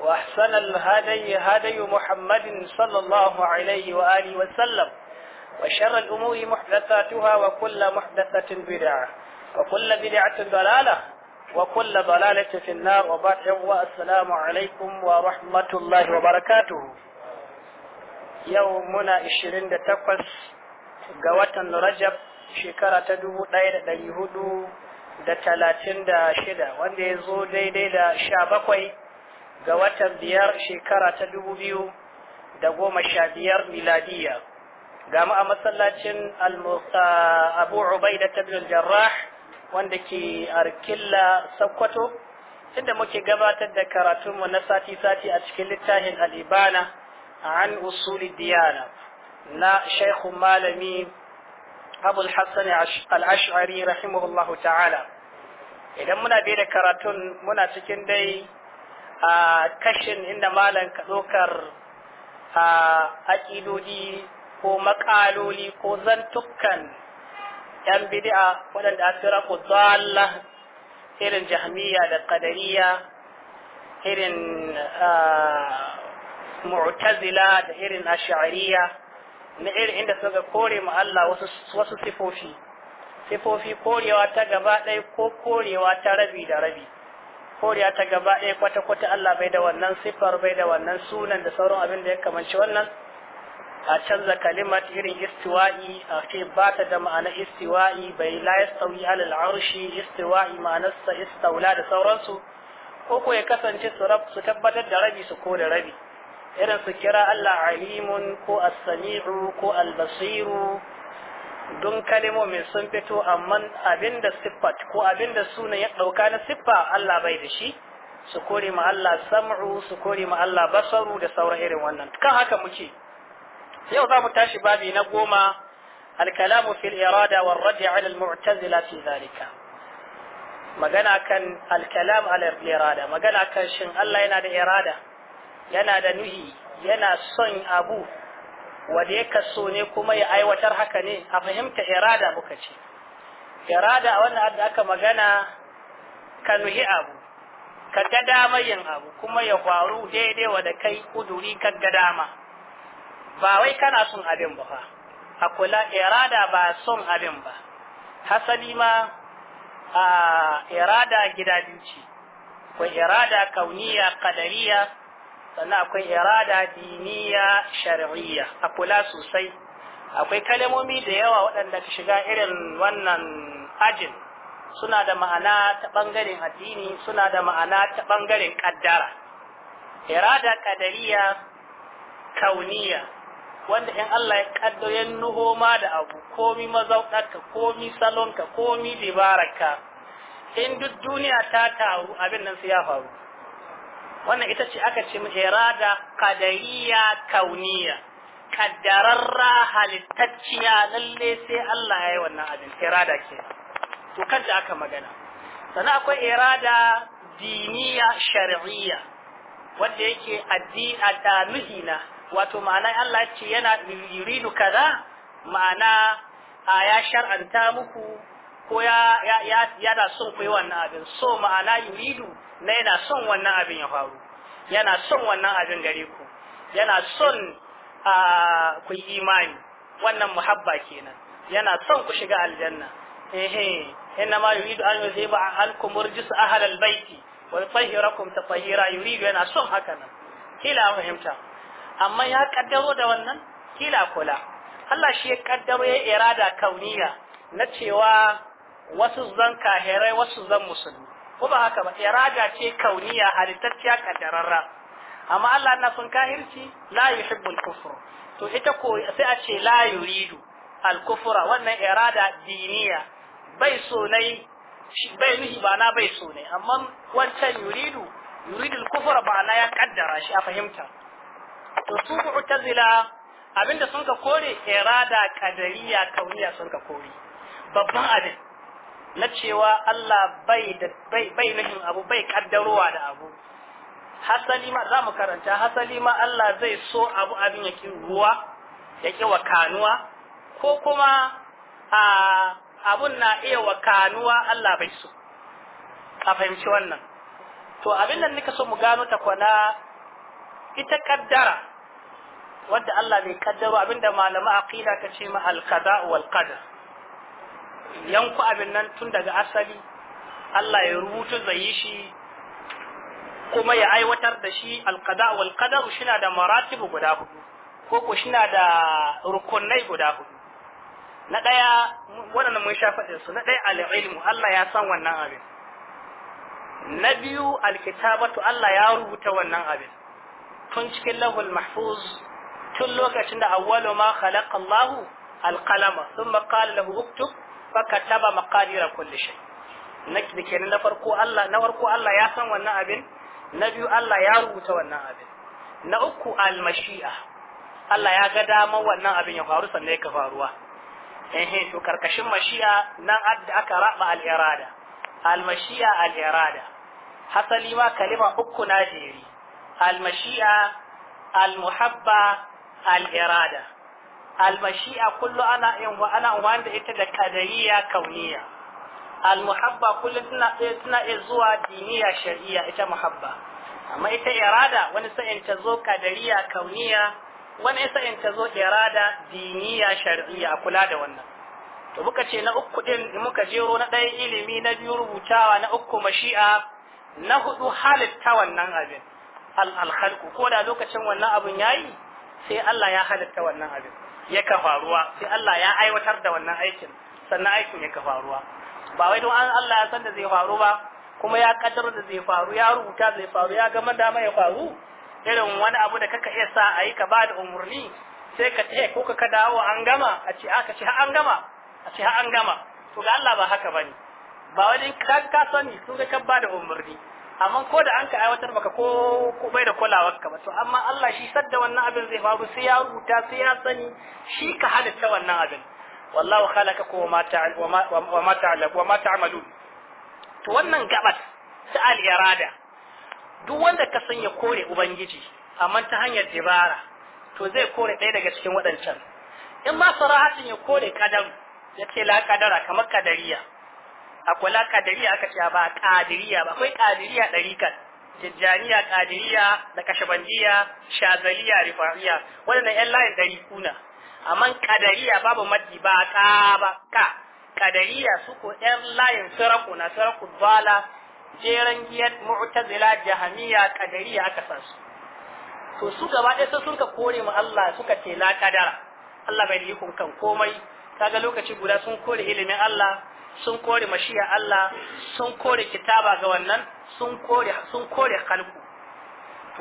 وأحسن الهدي هدي محمد صلى الله عليه وآله وسلم وشر الأمور محدثاتها وكل محدثة بدعة وكل بدعة ضلالة وكل ضلالة في النار وبعد والسلام عليكم ورحمة الله وبركاته يومنا 28 ga watan Rajab shekara ta 1436 wanda ya zo daidai da 17 ga watan biyar shekara ta dubu biyu da goma sha biyar miladiya gama a masallacin abu rubai ta bin jarrah wanda ke arkilla sakkwato inda muke gabatar da karatunmu na sati-sati a cikin littafin alibana an usuli diyana na shaikhu malami abu hassan al'ash'ari rahimahullahu ta'ala idan muna bai da karatun muna cikin dai a kashin inda malam ka ɗaukar aƙidodi ko makaloli ko zantukan yan bid'a waɗanda a fira ku irin jahmiya da ƙadariya irin mu'tazila da irin ashariya na irin inda suka kore mu Allah wasu sifofi sifofi korewa ta gaba ɗaya ko korewa ta rabi da rabi koriya ta gaba ɗaya kwata-kwata Allah bai da wannan siffar bai da wannan sunan da sauran abin da ya kamanci wannan a canza kalimar irin istiwa'i a ce ba ta da ma'ana istiwa'i bai la yastawi alal arshi istiwa'i ma'anarsa istaula da sauransu ko ko ya kasance su tabbatar da rabi su ko da rabi irin su kira Allah alimun ko as-sami'u ko al-basiru don kalimomin sun fito amma abinda siffat ko abinda suna ya ɗauka na siffa Allah bai da shi su kore ma Allah sam'u su kore ma Allah basaru da sauran irin wannan kan haka muke yau za mu tashi babi na goma Al-kalamu fil irada war rad'i ala al mu'tazila fi zalika magana kan alkalam ala irada magana kan shin Allah yana da irada yana da nuhi yana son abu wanda ya kaso ne kuma ya aiwatar haka ne a fahimta irada muka ce irada wannan da aka magana ka nuhi abu ka ga damar yin abu kuma ya faru daidai wa da kai kuduri ka ga dama ba wai kana son abin ba fa a kula irada ba son abin ba hasali ma a irada gida biyu ce ko irada kauniya kadariya sannan akwai irada diniya shar'iyya a kula sosai akwai kalmomi da yawa waɗanda ka shiga irin wannan ajin suna da ma'ana ta ɓangaren addini suna da ma'ana ta ɓangaren ƙaddara irada ƙadariya kauniya wanda in Allah ya kaddo ya nuho ma da abu komi mazauɗarka komi salonka komi dibararka in duk duniya ta taru abin nan sai ya faru wannan ita ce aka ce irada kadariya kauniya kaddararra halittacciya lalle sai Allah ya yi wannan abin irada ke to kanta aka magana sannan akwai irada diniya shar'iyya wanda yake addini a nuhina wato ma'ana Allah ya ce yana yuridu kaza ma'ana a ya shar'anta muku ko ya ya yana son ku yi wannan abin so ma'ana yuridu na yana son wannan abin ya faru yana son wannan abin gare ku yana son a ku yi imani wannan muhabba kenan yana son ku shiga aljanna ehe inna ma yuridu an yuziba ankum urjus ahal albayti wa yutahhirakum tatahira yuridu yana son haka nan kila fahimta amma ya kaddaro da wannan kila kula Allah shi ya kaddaro ya irada kauniya na cewa wasu zan kahirai wasu zan musulmi ko ba haka ba erada ce kauniya halittacciya kaddararra amma Allah na sun kahirci la yuhibbul kufr to ita ko sai a ce la yuridu al kufra wannan irada diniya bai so nai bai nuhi ba na bai so amma wancan yuridu yuridul kufra ba na ya kaddara shi a fahimta to su abinda sun ka kore irada kadariya kauniya sun ka kore babban na cewa Allah bai bai abu bai kaddarowa da abu hasali ma za mu karanta hasali ma Allah zai so abu abin ya ki ruwa ya ki wakanuwa ko kuma a abun na iya wakanuwa Allah bai so a fahimci wannan to abin da nika so mu gano ta kwana ita kaddara wadda Allah bai kaddaro abinda malama aqida ka ce ma al-qada wal qadar yanku abin nan tun daga asali Allah ya rubuta zai shi kuma ya aiwatar da shi alqada wal qadar shina da maratibu guda hudu ko ko shina da rukunai guda hudu na daya wannan mun sha fadin su na daya al-ilmu Allah ya san wannan abin na biyu alkitabatu Allah ya rubuta wannan abin tun cikin lahul mahfuz tun lokacin da awwalu ma khalaqa Allahu alqalama thumma qala lahu uktub fakataba maqadira kulli shay na kenan na farko Allah na farko Allah ya san wannan abin na biyu Allah ya rubuta wannan abin na uku al almashi'a Allah ya ga dama wannan abin ya faru sannan ya faruwa eh to karkashin mashi'a nan adda aka raba al-irada al-mashi'a al-irada hasali ma kalima uku na jeri al-mashi'a al-muhabba al-irada almashi'a kullu ana yin ana ita da kadariya kauniya almuhabba kullu suna tana zuwa diniya shari'a ita muhabba amma ita irada wani sa'in ta zo kadariya kauniya wani sa'in ta zo irada diniya shar'iyya a kula da wannan to muka ce na uku ɗin muka jero na ɗaya ilimi na biyu rubutawa na uku mashi'a na hudu halitta wannan abin al-khalqu ko da lokacin wannan abin yayi sai Allah ya halitta wannan abin yaka faruwa sai Allah ya aiwatar da wannan aikin sannan aikin yaka faruwa ba wai don Allah ya san da zai faru ba kuma ya kaddara da zai faru ya rubuta zai faru ya gama da ya faru irin wani abu da kaka iya sa a yi ka ba da umarni sai ka ce ko ka dawo an gama a ce aka ce an gama a ce an gama to ga Allah ba haka bane ba wani ka sani sun ga ka ba da umarni amma ko da an ka aiwatar baka ko ko bai da kulawar ka ba to amma Allah shi sadda wannan abin zai faru sai ya rubuta sai ya sani shi ka halitta wannan abin wallahu khalaqakum wa ma wa ma wa ma to wannan gabat ta al irada duk wanda ka san ya kore ubangiji amma ta hanyar dibara to zai kore ɗaya daga cikin waɗancan in ma sarahatin ya kore kadar ya ce la kadara kamar kadariya akwala kadiriya aka ce ba kadiriya ba akwai kadiriya kan. Jajjaniya kadiriya da kashabandiya shazaliya rifaiya wannan yan layin dariquna amma kadiriya babu maddi ba ka ba ka kadiriya su ko yan layin saraku na saraku bala jeran giyar mu'tazila jahamiya kadiriya aka san su to su gaba ɗaya sun suka kore mu Allah suka ce la kadara Allah bai yi hukunkan komai kaga lokaci guda sun kore ilimin Allah sun kore mashiya Allah sun kore kitaba ga wannan sun kore sun kore khalqu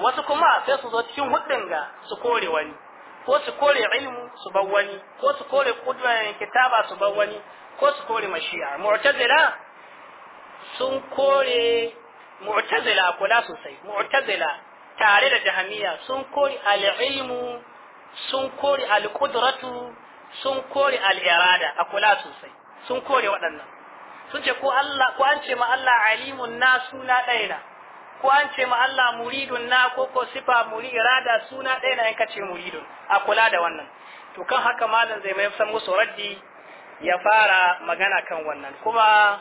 wasu kuma sai su zo cikin huddin ga su kore wani ko su kore ilmu su bar wani ko su kore kudurin kitaba su bar wani ko su kore mashiya mu'tazila sun kore mu'tazila kula sosai mu'tazila tare da jahamiya sun kore al-ilmu sun kore al-qudratu sun kore al'irada a kula sosai sun kore waɗannan sun ce ko Allah ko an ce ma Allah alimun na suna ko an ce ma Allah muridun na ko ko sifa muri irada suna ɗaya in in kace muridun a kula da wannan to kan haka malam zai mai san musu raddi ya fara magana kan wannan kuma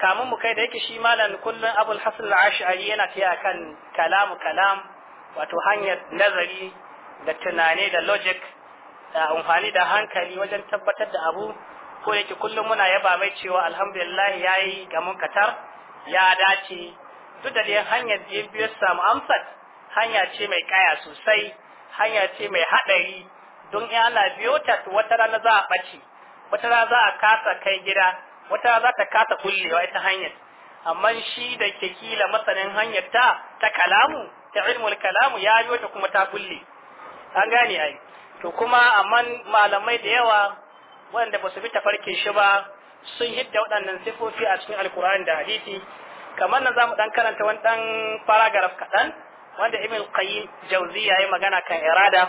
kamun mu kai da yake shi malam kullun Abul Hasan al-Ash'ari yana kai akan kalamu kalam wato hanyar nazari da tunani da logic da amfani da hankali wajen tabbatar da abu ko yake kullum muna yaba mai cewa alhamdulillah ya yi ga katar ya dace duk da dai hanyar da biyo samu amsar hanya ce mai kaya sosai hanya ce mai haɗari. don in ana biyo ta wata rana za a bace wata rana za a kasa kai gida wata rana za ta kasa kullewa ita hanyar amma shi da ke kila masanin hanyar ta ta kalamu ta ilmul kalamu ya yi wata kuma ta kulle an gane ai to kuma amma malamai da yawa waɗanda ba su bi tafarkin shi ba sun hidda waɗannan sifofi a cikin alkur'ani da hadisi kamar nan zamu dan karanta wani dan paragraph kaɗan wanda ibn qayyim jawzi yayi magana kan irada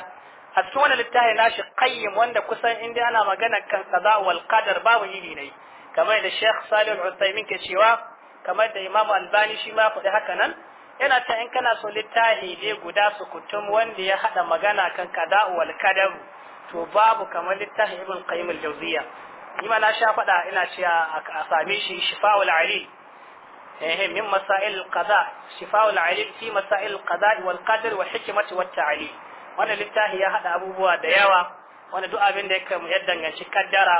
a cikin wannan littafi nashi qayyim wanda kusan inda ana magana kan qada wal qadar babu yi ne kamar da Sheikh Salih Al-Utsaimin ke cewa kamar da Imam Albani shi ma faɗi haka nan yana ta in kana so littahi dai guda su kutum wanda ya hada magana kan qada'u wal qadar to babu kamar littahi ibn qayyim al jawziya ni ma na sha fada ina cewa a same shi shifa'ul ali eh min masail al qada shifa'ul ali fi masail al qada'i wal qadar wa hikmati wat ta'ali wanda littahi ya hada abubuwa da yawa wanda duk abin da yake ya danganci kaddara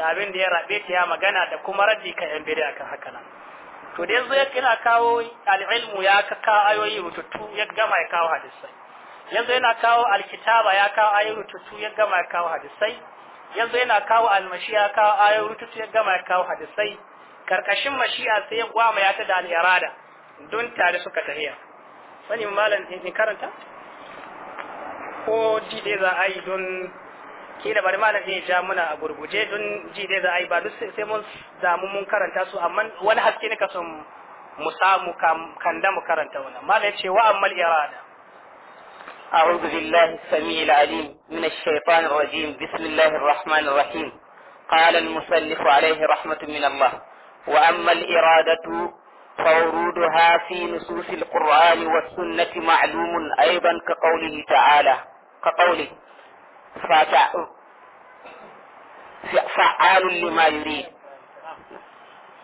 da abin da ya rabe ta ya magana da kuma raddi kan yan bid'a kan haka nan to da yanzu yana kawo al'ilmu ya kawo ayoyi rututu ya gama ya kawo hadisai yanzu yana kawo alkitaba ya kawo ayoyi rututu ya gama ya kawo hadisai yanzu yana kawo almashi ya kawo ayoyi rututu ya gama ya kawo hadisai karkashin mashi'a sai ya gwama ya ta da al'irada don tare suka tahiya wani malam in karanta ko dide za a yi don kila bari malam zai ja muna a gurguje don ji dai za a yi ba duk sai mun samu mun karanta su amma wani haske ne ka son mu samu kan da mu karanta wannan malam ya ce wa amal irada أعوذ بالله السميع العليم من الشيطان الرجيم بسم الله الرحمن الرحيم قال المسلف عليه رحمة من الله وأما الإرادة فورودها في نصوص القرآن والسنة معلوم أيضا كقوله تعالى كقوله fa'alun lima yuri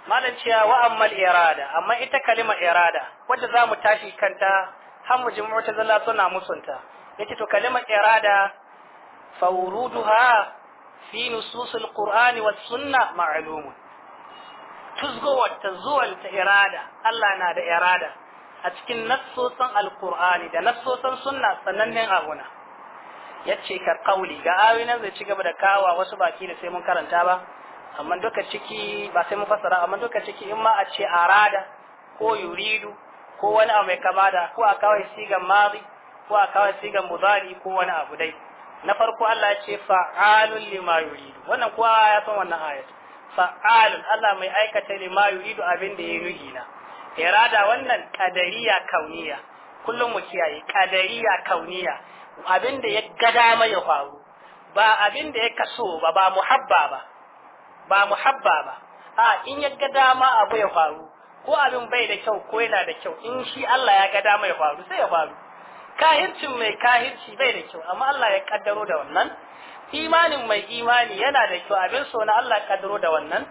malam cewa irada amma ita kalima irada wadda za mu tashi kanta har mu ji mu'tazila suna musunta yace to kalimar irada fawruduha fi nususul qur'ani was sunna ma'lumun tuzgowar ta irada Allah na da irada a cikin nassosan alkur'ani da nassosan sunna sanannen abuna yace ka kauli ga nan zai ci gaba da kawa wasu baki da sai mun karanta ba amma duka ciki ba sai mun fassara amma duka ciki in ma a ce arada ko yuridu ko wani abu mai kama da ko a kawai sigan mari ko a kawai sigan mudari ko wani abu dai na farko Allah ya ce fa'alun lima yuridu wannan kuwa ya san wannan ayat fa'alun Allah mai aikata lima yuridu abin da ya nuhi na irada wannan kadariya kauniya kullum mu kiyaye kadariya kauniya abin da ya gada mai ya faru ba abin da ya kaso ba ba muhabba ba ba muhabba ba a in ya gada ma abu ya faru ko abin bai da kyau ko yana da kyau in shi Allah ya gada mai ya faru sai ya faru kahircin mai kahirci bai da kyau amma Allah ya kaddaro da wannan imanin mai imani yana da kyau abin so na Allah ya kaddaro da wannan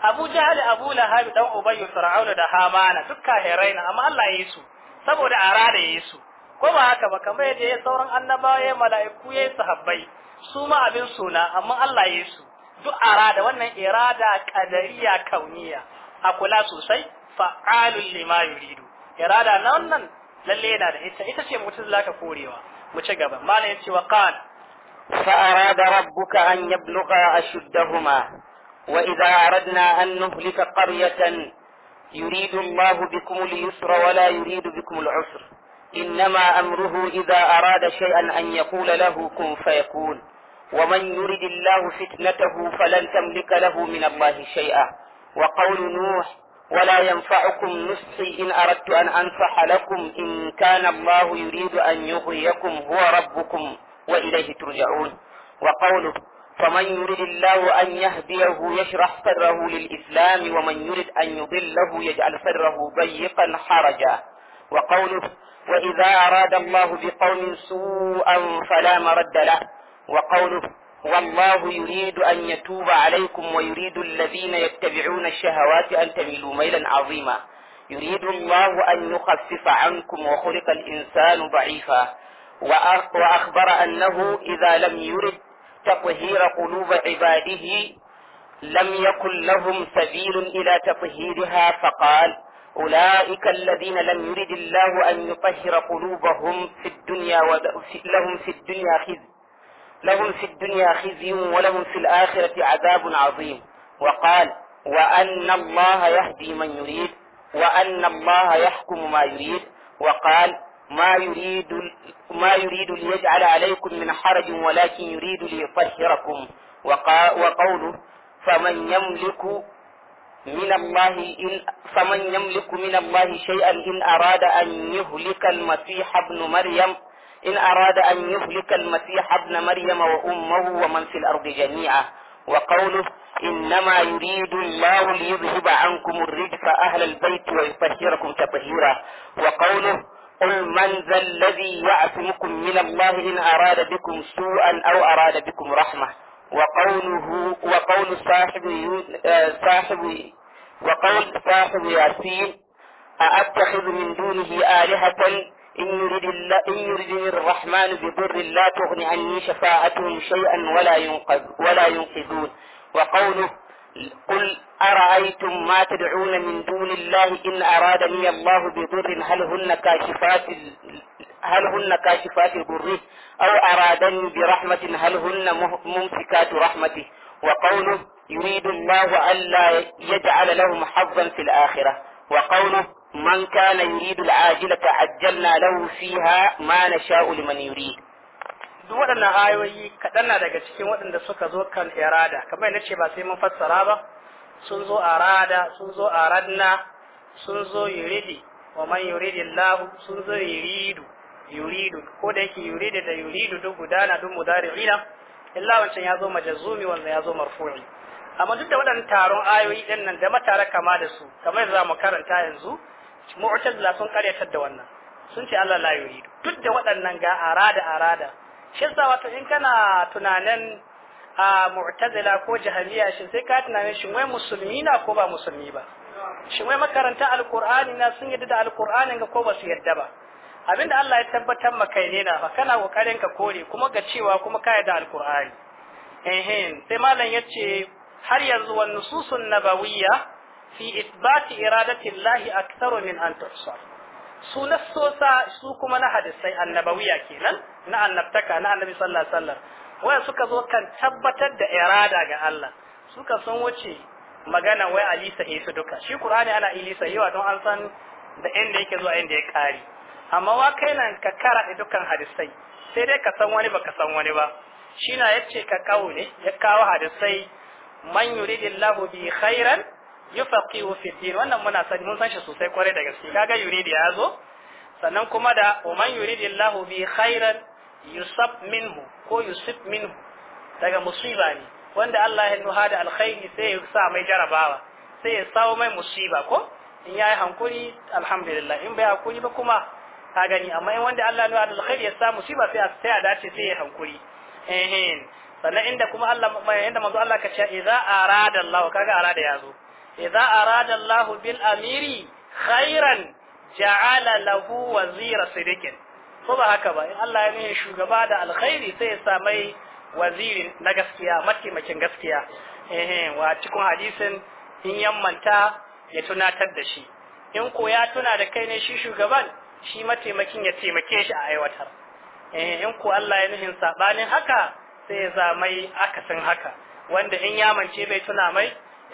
Abu Jahal Abu Lahab dan Ubayy Fir'auna da Hamana dukka kahirai amma Allah ya yi su saboda arada ya yi su ko ba haka ba kamar yadda ya sauran annabawa ya mala'iku ya sahabbai su ma abin suna amma Allah ya su duk arada wannan irada qadariya kauniya a kula sosai fa'alul lima yuridu irada na wannan lalle yana da ita ita ce mutum zaka korewa mu ci gaba malam yace wa qala فأراد ربك أن يبلغا أشدهما وإذا أردنا أن نهلك قرية يريد الله بكم اليسر ولا يريد بكم العسر إنما أمره إذا أراد شيئا أن يقول له كن فيكون ومن يرد الله فتنته فلن تملك له من الله شيئا وقول نوح ولا ينفعكم نصحي إن أردت أن أنصح لكم إن كان الله يريد أن يغيكم هو ربكم وإليه ترجعون وقوله فمن يرد الله أن يهديه يشرح صدره للإسلام ومن يرد أن يضله يجعل صدره ضيقا حرجا وقوله وإذا أراد الله بقوم سوءا فلا مرد له وقوله والله يريد أن يتوب عليكم ويريد الذين يتبعون الشهوات أن تميلوا ميلا عظيما يريد الله أن يخفف عنكم وخلق الإنسان ضعيفا وأخبر أنه إذا لم يرد تطهير قلوب عباده لم يكن لهم سبيل إلى تطهيرها فقال أولئك الذين لم يرد الله أن يطهر قلوبهم في الدنيا لهم في الدنيا خزي لهم في الدنيا خزي ولهم في الآخرة عذاب عظيم وقال وأن الله يهدي من يريد وأن الله يحكم ما يريد وقال ما يريد ما يريد ليجعل عليكم من حرج ولكن يريد ليطهركم وقوله فمن يملك من الله إن فمن يملك من الله شيئا إن أراد أن يهلك المسيح ابن مريم إن أراد أن يهلك المسيح ابن مريم وأمه ومن في الأرض جميعا وقوله إنما يريد الله ليذهب عنكم الرجس أهل البيت ويطهركم تطهيرا وقوله قل من ذا الذي يعصمكم من الله إن أراد بكم سوءا أو أراد بكم رحمة وقوله وقول صاحب آه، صاحب وقول صاحب ياسين أأتخذ من دونه آلهة إن يرد إن يردني الرحمن بضر لا تغني عني شفاعتهم شيئا ولا ينقذ ولا ينقذون وقوله قل أرأيتم ما تدعون من دون الله إن أرادني الله بضر هل هن كاشفات هل هن كاشفات ضره أو أرادني برحمة هل هن ممسكات رحمته وقوله يريد الله ألا يجعل لهم حظا في الآخرة وقوله من كان يريد العاجلة عجلنا له فيها ما نشاء لمن يريد duk waɗannan ayoyi kaɗan na daga cikin waɗanda suka zo kan irada kamar yadda ce ba sai mun fassara ba sun zo arada sun zo aradna sun zo yuridi wa man yuridi sun zo yuridu yuridu ko da yake yuridu da yuridu duk gudana duk mudari'ina illa wancan ya zo majazumi wanda ya zo marfu'i amma duk da waɗannan taron ayoyi ɗin nan da matara kama da su kamar za mu karanta yanzu mu'tazila sun karyatar da wannan sun ce Allah la yuridu duk da waɗannan ga arada arada shi yasa wato in kana tunanin a mu'tazila ko jahiliya shi sai ka tunanin shin wai musulmi na ko ba musulmi ba shin wai makaranta alqur'ani na sun yadda da alqur'anin ga ko ba su yadda ba abinda Allah ya tabbatar maka ne na fa kana kokarin ka kore kuma ga cewa kuma ka da alqur'ani eh sai malam yace har yanzu wan nususun nabawiyya fi isbati iradati llahi aktharu min an tuhsa su nasosa su kuma na hadisai annabawiyya kenan na annabtaka na annabi sallallahu alaihi wasallam waya suka zo kan tabbatar da irada ga Allah suka san wuce magana wai alisa su duka shi qur'ani ana ilisa yawa don an san da inda yake zuwa inda ya kare amma wa kai nan ka kara dukkan hadisai sai dai ka san wani baka san wani ba shi na yace ka kawo ne ya kawo hadisai man yuridillahu bi khairan yufaqihu fi din wannan muna sani mun san shi sosai kwarai da gaske kaga yuridi ya zo sannan kuma da wa man yuridillahu bi khairan yusab minhu ko yusib minhu daga musiba ne wanda Allah ya nuha da alkhairi sai ya sa mai jarabawa sai ya sawo mai musiba ko in yayi hankuri alhamdulillah in bai hankuri ba kuma ka gani amma in wanda Allah nuna alkhairi ya samu shi ba sai a tsaya dace sai ya hankuri eh sannan inda kuma Allah inda manzo Allah ka ce idza arada Allah kaga arada yazo idza arada Allah bil amiri khairan ja'ala lahu wazira sidikin ko ba haka ba in Allah ya nuna shugaba da alkhairi sai ya samai waziri na gaskiya mataimakin gaskiya eh wa cikin hadisin in yammanta ya tunatar da shi in ko ya tuna da kai ne shi shugaban shi mataimakin ya taimake shi a aiwatar eh, in ku Allah ya nuhin sabanin haka sai ya zamai akasin haka wanda in ya mance bai tuna mai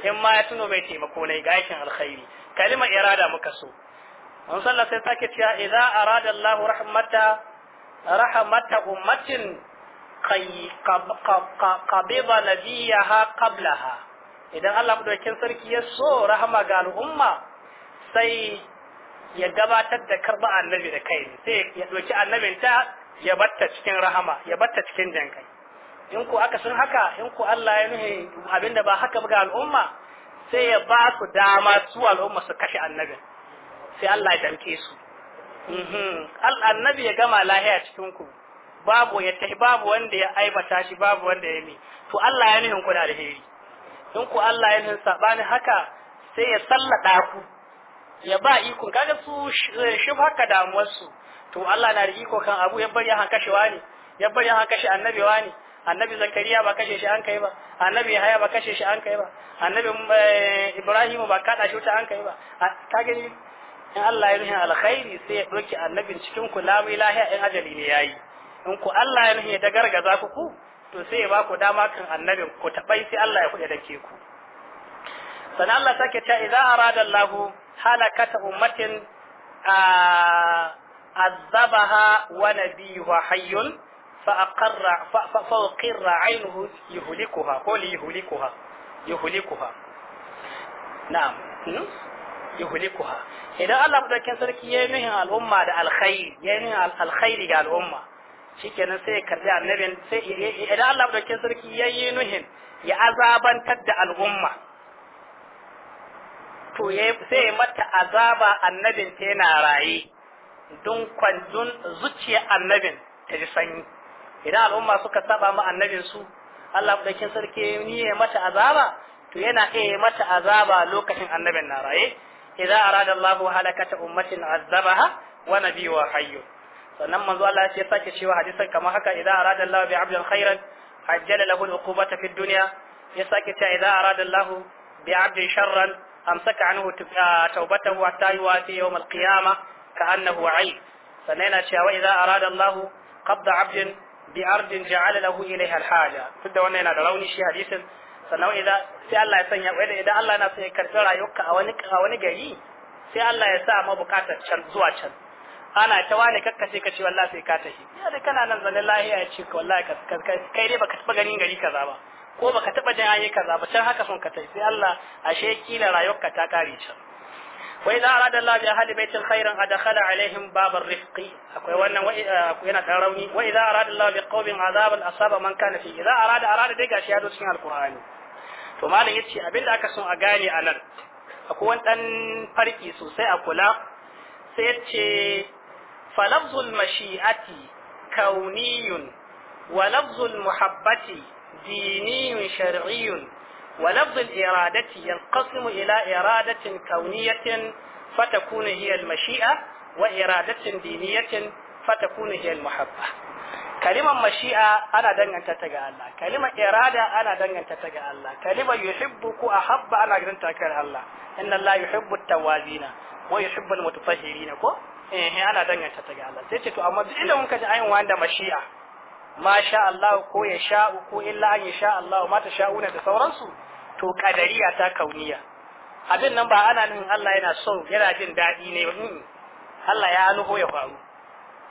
in ma ya tuno mai taimako ne ga aikin alkhairi kalimar irada muka so an sallah sai sake cewa idza arada Allahu rahmata rahmata ummatin qabida nabiyaha qablaha idan Allah madaukakin sarki ya so rahama ga al'umma sai ya gabatar da karɓar annabi da kai sai ya ɗauki annabin ta ya batta cikin rahama ya batta cikin jankai in ko aka sun haka in ko Allah ya nuhi abinda ba haka ga al'umma sai ya ba su dama su al'umma su kashe annabin sai Allah ya danke su mhm. annabi ya gama lahiya cikin ku babu ya tafi babu wanda ya aibata shi babu wanda ya mi to Allah ya nuhin ku da alheri in ku Allah ya nuhin sabani haka sai ya sallada ku ya ba ikon kaga su shi eh, haka damuwar su to Allah na da iko kan abu ya bari han kashe wani ya bari han kashe annabi wani. annabi zakariya ba kashe shi an kai ba annabi haya ba kashe shi an kai ba annabi eh, ibrahim ba kada shi ta an kai ba ka gani in Allah ya rihin alkhairi sai ya doki annabin cikin ku la ilaha in ajali ne yayi in ku Allah ya rihin ya gargaza ku ku to sai ya ba ku dama kan annabin ku tabai sai Allah ya kuɗe ke ku sannan Allah take ta idza arada Allahu halakata ummatin azabaha wa nabiyuhu hayyun فأقر فأقر عينه يهلكها قول يهلكها يهلكها نعم يهلكها idan Allah madaukakin sarki ya yi nuhin al'umma da alkhairi ya yi nuhin alkhairi ga al'umma shikenan sai ya karbi annabin sai idan Allah madaukakin sarki ya yi nuhin ya azabantar da al'umma to sai mata azaba annabin ta yana raye don kwandun zuciya annabin ta ji sanyi idan al'umma suka saba ma annabin su Allah mudaukin sarki ni ya mata azaba to yana iya mata azaba lokacin annabin na raye idan arada Allah halakata ummatin azabaha wa nabiyyu hayyu sannan manzo Allah ya sake cewa hadisan kamar haka idan arada Allah bi abdin khairan ajjala lahu al-uqubata fi dunya ya sake cewa idan arada Allah bi abdin sharran amsaka anhu taubatahu hatta yuwafi yawm al-qiyamah ka'annahu 'ayn sannan yana cewa idza arada Allahu qabda 'abdin bi ardin ja'ala lahu ilayha al-haja tunda wannan yana da rauni shi hadisin sannan idan sai Allah ya sanya idan Allah yana son ya karɓi rayuwarka a wani a wani gari sai Allah ya sa ma bukatar can zuwa can ana ta wani kakka sai ka ce wallahi sai ka tafi ya da kana nan zanen lahiya ya ce ka wallahi kai dai baka taɓa ganin gari kaza ba ko baka taba jin ayi kaza ba can haka sun ka tai sai Allah ashe kila rayuwarka ta kare can wa idza arada Allah bi ahli baitin khairan adkhala alaihim babar rifqi akwai wannan eh, yana da rauni wa idza arada Allah bi qaumin azaban asaba man kana fi idza arada arada dai gashi ya zo cikin alqur'ani to malam yace abinda aka son a gane a nan akwai wani dan farki sosai a kula sai yace falafzul mashi'ati kauniyun wa lafzul muhabbati ديني شرعي ولفظ الإرادة ينقسم إلى إرادة كونية فتكون هي المشيئة وإرادة دينية فتكون هي المحبة كلمة مشيئة أنا دنجن تتجع الله كلمة إرادة أنا دنجن تتجع الله كلمة يحبك أحب أنا دنجن تتجع الله إن الله يحب التوابين ويحب المتطهرين كو إيه أنا دنجن تتجع الله سيتو أما دي لهم أي وعند مشيئة ma sha Allah ko ya sha'u ko illa an ya sha Allah ma ta sha'una da sauransu to kadariya ta kauniya abin nan ba ana nan Allah yana so yana jin daɗi ne mm. Allah ya nuho ya faru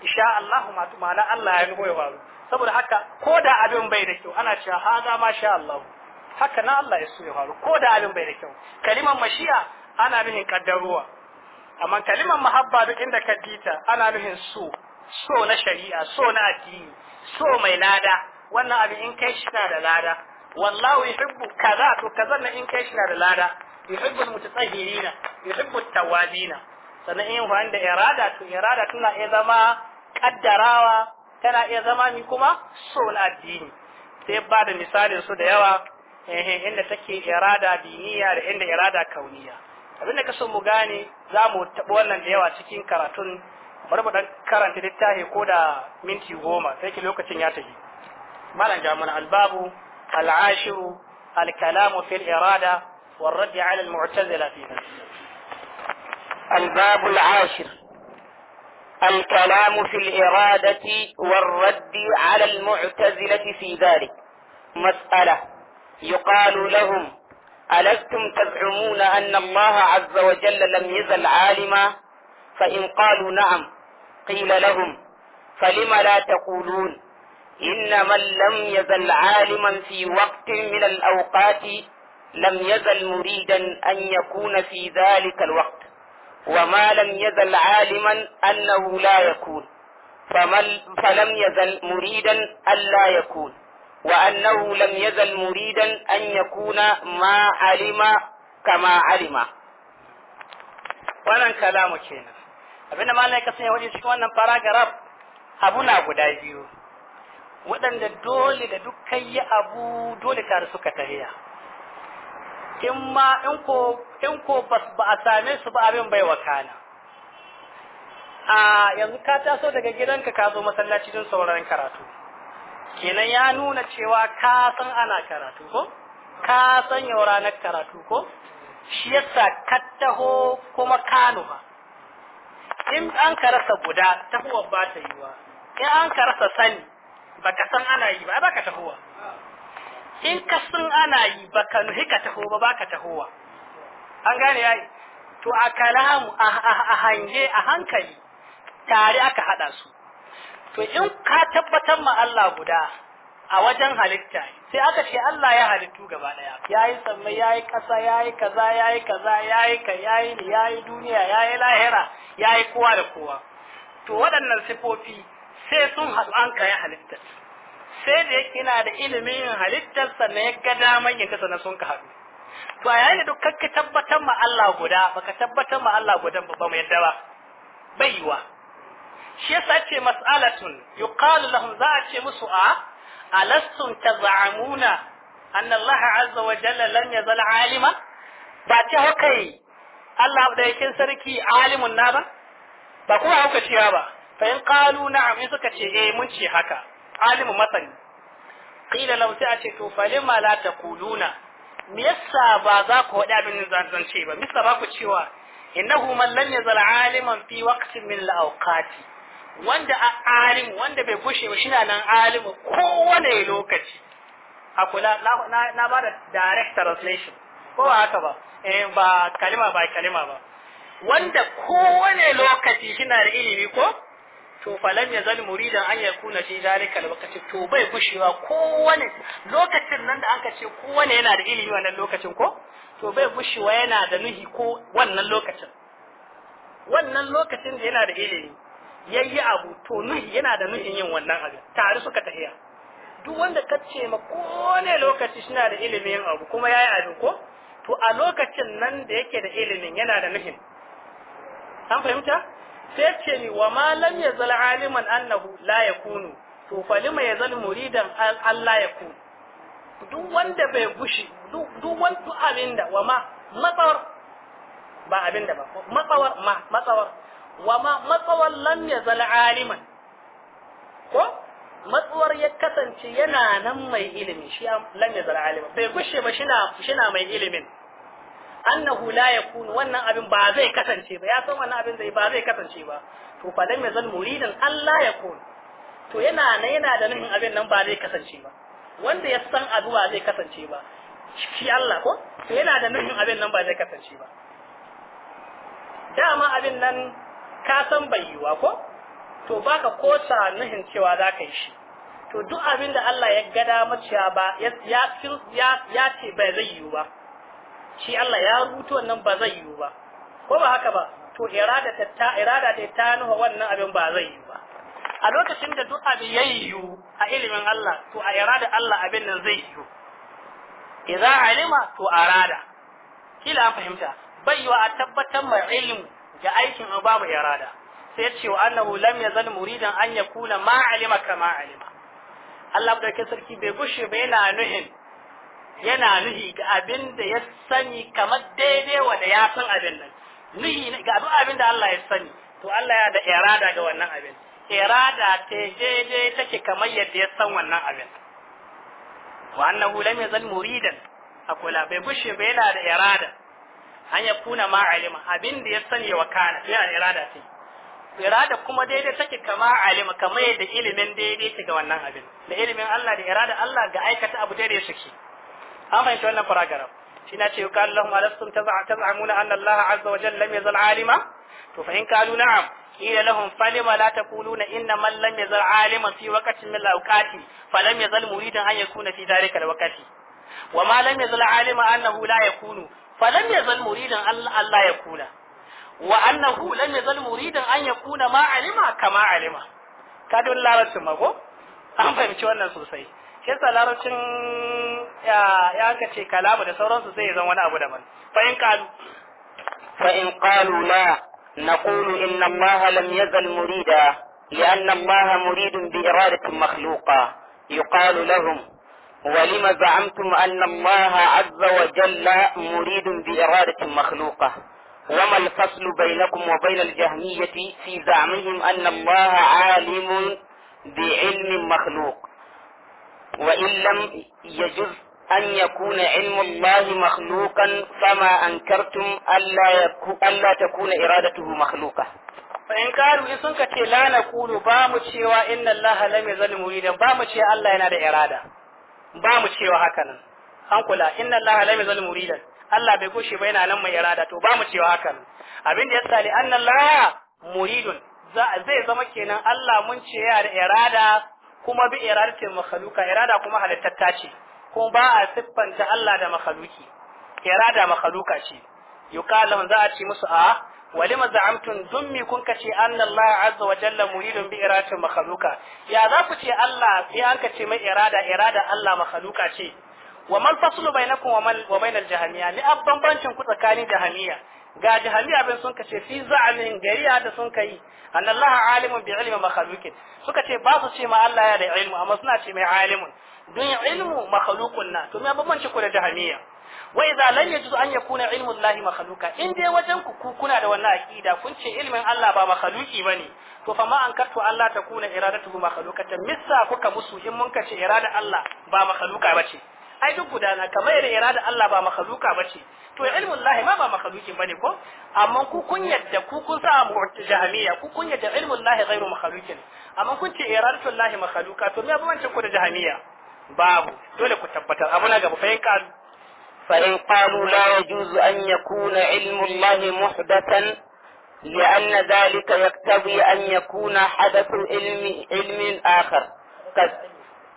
insha Allah ma to ma'ana Allah ya nuho ya faru saboda haka ko da abin bai da kyau ana cewa haza ma sha Allah haka na Allah ya so ya faru ko da abin bai da kyau kalimar mashiya ana nuhin kaddaruwa amma kalimar mahabba duk inda ka dita ana nuhin so so na shari'a so na addini so mai lada wannan abin in kai shi na da lada wallahu yuhibbu kaza to kaza na in kai shi da lada yuhibbu mutatahirina yuhibbu tawabina sannan in fa da irada to irada tana iya zama kaddarawa tana iya zama mi kuma so na addini sai ba da misalin su da yawa eh inda take irada diniya da inda irada kauniya abinda ka so mu gane za mu taɓa wannan da yawa cikin karatun bari mu dan karanta littafi ko da minti goma sai ki lokacin ya tafi malam jamuna albabu al'ashiru الكلام في الإرادة والرد على المعتزلة فيها الباب العاشر الكلام في الإرادة والرد على المعتزلة في ذلك مسألة يقال لهم ألستم تزعمون أن الله عز وجل لم يزل عالما فإن قالوا نعم قيل لهم فلم لا تقولون إن من لم يزل عالما في وقت من الأوقات لم يزل مريدا أن يكون في ذلك الوقت وما لم يزل عالما أنه لا يكون فلم يزل مريدا ألا يكون وأنه لم يزل مريدا أن يكون ما علم كما علم وأنا كلامك هنا abinda malai ka sanya waje cikin wannan paragraph abu na guda biyu waɗanda dole da dukkan yi abu dole tare suka tahiya in ma in ko ba a same su ba abin bai wakana a yanzu ka taso daga gidanka ka zo masallaci don sauraron karatu kenan ya nuna cewa ka san ana karatu ko ka san yau ranar karatu ko shi yasa ka taho kuma ka nufa in an ka rasa guda tahuwar ba ta yiwa in an ka rasa sani baka san ana yi ba baka tahowa in ka san ana yi baka nuhi ka taho ba baka tahowa an gane yayi to a kalamu a hange a hankali tare aka hada su to in ka tabbatar ma Allah guda a wajen halitta sai aka ce Allah ya halittu gaba daya yayi samme yayi kasa yi kaza yi kaza yayi ka yi ya yi duniya ya yi lahira ya yi kowa da kowa to waɗannan sifofi sai sun haɗu an kai halitta sai da yake yana da ilimin halittar sannan ya ga daman kasa na sun ka haɗu to a yayin da duk kakka tabbatar ma Allah guda baka tabbatar ma Allah guda ba mu yadda ba bai yiwa shi yasa ce mas'alatun yuqalu lahum za a ce musu a alastun taz'amuna anna Allah azza wa jalla lan yazal alima ba ce haka yi Allah da yakin sarki alimun na ba ba kuma hauka ciya ba fa in qalu na'am in suka ce eh mun ce haka alimu masani qila law sai ce to falima la taquluna me yasa ba za ku wada abin zance ba Misa ba ku cewa innahu man lan yazal aliman fi waqtin min al-awqati wanda a alimu wanda bai gushe ba shina nan alimu kowane lokaci a kula na, na, ba da direct translation ko haka ba eh ba kalima ba kalima ba wanda kowane lokaci shina da ilimi ko to falan ya zal muridan an ya kuna shi zalika lokaci to bai gushewa kowane lokacin nan da anka ce kowane yana da ilimi wannan lokacin ko to bai gushewa yana da nuhi ko wannan lokacin wannan lokacin da yana da ilimi yayi abu to nuhi yana da nufin yin wannan abin tare suka tahiya duk wanda ka ce ma ko ne lokaci suna da ilimin abu kuma yayi abin ko to a lokacin nan da yake da ilimin yana da nufin an fahimta sai ce ni wa ma lam ya yazal aliman annahu la yakunu to fa lima ya yazal muridan Allah ya yakunu duk wanda bai gushi duk wani abin da wa ma matsawar ba abin da ba matsawar ma matsawar wa ma matsawar lam ya zala aliman ko matsuwar ya kasance yana nan mai ilimi shi lam ya zala aliman bai gushe ba shi na mai ilimin annahu la yakunu wannan abin ba zai kasance ba ya san wannan abin zai ba zai kasance ba to fa lam yazal muridan Allah yakun to yana nan yana da nufin abin nan ba zai kasance ba wanda ya san abu zai kasance ba shi Allah ko to yana da nufin abin nan ba zai kasance ba dama abin nan ka san bai yiwa ko to baka kosa nuhin cewa za ka yi shi to duk abin da Allah ya gada maciya ba ya ya ce bai zai yiwu ba shi Allah ya rubuta wannan ba zai yiwu ba ko ba haka ba to irada ta ta irada ta ta nuna wannan abin ba zai yiwu ba a lokacin da duk abin ya yiwu a ilimin Allah to a irada Allah abin nan zai yiwu Idan alima to arada kila fahimta bai yiwa a tabbatar mai ilimi ga aikin babu irada sai ce wa annahu lam yazal muridan an yakuna ma alima kama alima Allah da ke sarki bai gushe ba yana nuhin yana nuhi ga abin da ya sani kamar daidai wanda ya san abin nan nuhi ga duk abin da Allah ya sani to Allah ya da irada ga wannan abin irada ta daidai take kamar yadda ya san wannan abin wa annahu lam yazal muridan akwai bai gushe ba yana da irada an ya kuna ma alima abin da ya sani wa kana yana da irada ce irada kuma daidai take kama alima kama yadda ilimin daidai take ga wannan abin da ilimin Allah da irada Allah ga aikata abu daidai suke an fahimci wannan paragraph shi na ce yi kan lahum alastum taz'amuna anna Allah azza wa jalla lam yazal alima to fa in kalu na'am qila lahum falima la taquluna inna man lam yazal alima fi waqtin min al-awqati falam yazal muridan an yakuna fi dhalika al-waqti ma لم يزل عالما أنه لا يكون فلم يزل مريدا الله يكون وأنه لم يزل مريدا أن يكون ما علم كما علم كادو larabcin mago an fahimci wannan sosai shi yasa larabcin ya ka ce kalamu da sauransu sai ya zama wani abu daban fa in qalu fa in qalu la naqulu inna allaha lam yazal murida لأن الله مريد بإرادة مخلوقة يقال لهم ولم زعمتم أن الله عز وجل مريد بإرادة مخلوقة وما الفصل بينكم وبين الجهمية في زعمهم أن الله عالم بعلم مخلوق وإن لم يجز أن يكون علم الله مخلوقا فما أنكرتم ألا, ألا تكون إرادته مخلوقة فإن قالوا in لا نقول بامتشي وإن الله لم ba mu بامتشي ألا ينادي إرادة ba mu cewa haka nan an kula inna allaha lam Allah bai goshe ba yana nan mai irada to ba mu cewa haka nan abin da ya tsali anna allaha muridun zai zama kenan Allah mun ce ya da irada kuma bi iradatin makhluka irada kuma halittatta ce kuma ba a siffanta Allah da makhluki irada makhluka ce yuqalu za a ce musu a walima za'amtun dun mi kun kace anna Allah azza wa jalla muridun bi iradatin makhluqa ya za ku ce Allah sai an kace mai irada irada Allah makhluqa ce wa man faslu bainakum wa man wa bainal jahamiya ni abbanbancin ku tsakanin jahamiya ga jahamiya bin sun kace fi za'amin gariya da sun kai anna Allah alimun bi ilmi makhluqin suka ce ba su ce ma Allah ya da ilmu amma suna ce mai alimun dun ilmu makhluqun na to me bambanci ku da jahamiya wa idza lam yajuzu an yakuna ilmu llahi makhluqa in dai wajen ku kuna da wannan aqida kun ce ilmin Allah ba makhluqi bane to fa ma an kattu Allah ta kuna iradatuhu makhluqatan missa kuka musu in mun kace irada Allah ba makhluqa bace ai duk gudana kamar da irada Allah ba makhluqa bace to ilmu llahi ma ba makhluqin bane ko amma ku kun yadda ku kun sa mu'tajahamiyya ku kun yadda ilmu llahi ghairu makhluqin amma kun ce iradatu llahi makhluqa to me abun ku da jahamiyya babu dole ku tabbatar abu na gaba fa yin فإن قالوا لا يجوز أن يكون علم الله محدثا لأن ذلك يقتضي أن يكون حدث علم علم آخر